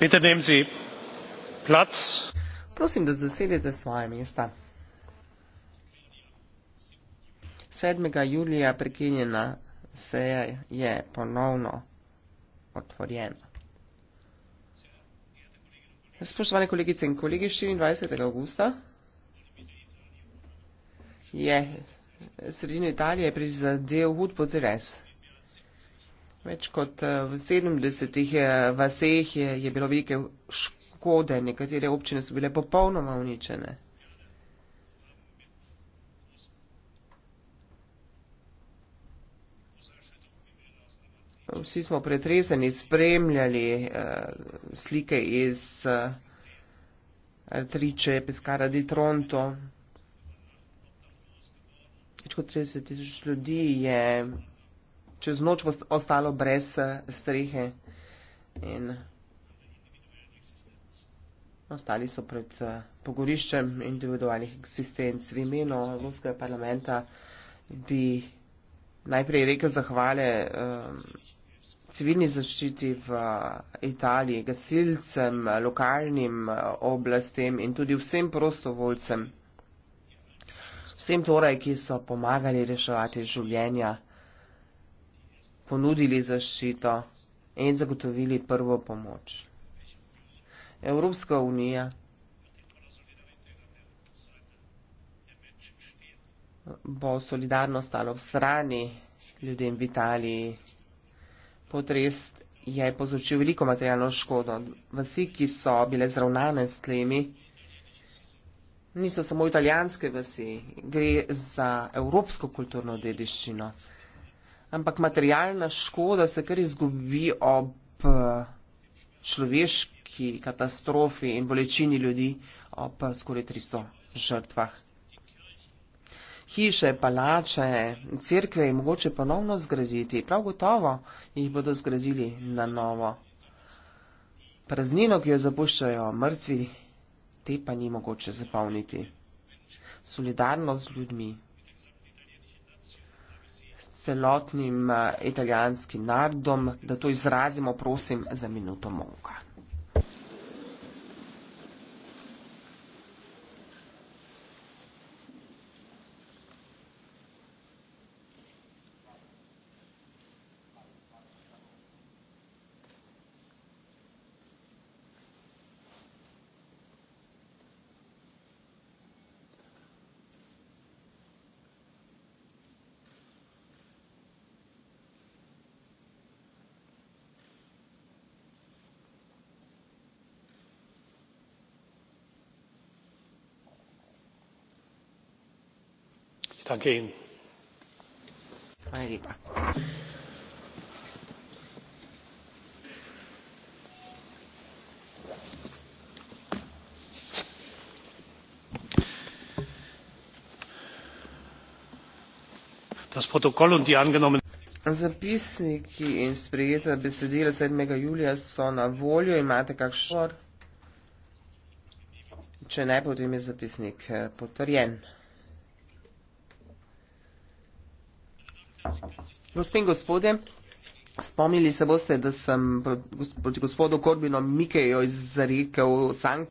Bitte nehmen Sie Platz. Prosim, da zasedete svoje mesta. 7. julija prekinjena seja je ponovno otvorjena. Spoštovane kolegice in kolegi, 24. augusta je sredina Italije prizadel hud potres. Več kot eh, v 70 eh, vaseh je, je bilo velike škode, nekatere občine so bile popolnoma uničene. Vsi smo pretreseni, spremljali uh, slike iz uh, Artriče, Peskara di Tronto. Več kot 30 tisoč ljudi je čez noč bo ostalo brez eh, strehe in ostali so pred eh, pogoriščem individualnih eksistenc. V imenu Evropskega parlamenta bi najprej rekel zahvale eh, civilni zaščiti v Italiji, gasilcem, lokalnim oblastem in tudi vsem prostovoljcem. Vsem torej, ki so pomagali reševati življenja ponudili zaščito in zagotovili prvo pomoč. Evropska unija bo solidarno stala v strani ljudem v Italiji. Potres je povzročil veliko materialno škodo. Vsi, ki so bile zravnane s tlemi, niso samo italijanske vsi, gre za evropsko kulturno dediščino ampak materialna škoda se kar izgubi ob eh, človeški katastrofi in bolečini ljudi ob skoraj 300 žrtvah. Hiše, palače, cerkve je mogoče ponovno zgraditi, prav gotovo jih bodo zgradili na novo. Praznino, ki jo zapuščajo mrtvi, te pa ni mogoče zapolniti. Solidarnost z ljudmi s celotnim eh, italijanskim narodom, da to izrazimo, prosim, za minuto molka. ich danke ihnen. das protokoll und die angenommenen Zapisniki in sprejeta besedila 7. julija so na voljo. Imate kakšen šor? Če ne, potem je zapisnik eh, potrjen. Gospe in gospodje, spomnili se boste, da sem proti gospodu Korbino Mikejo izrekel sankcije.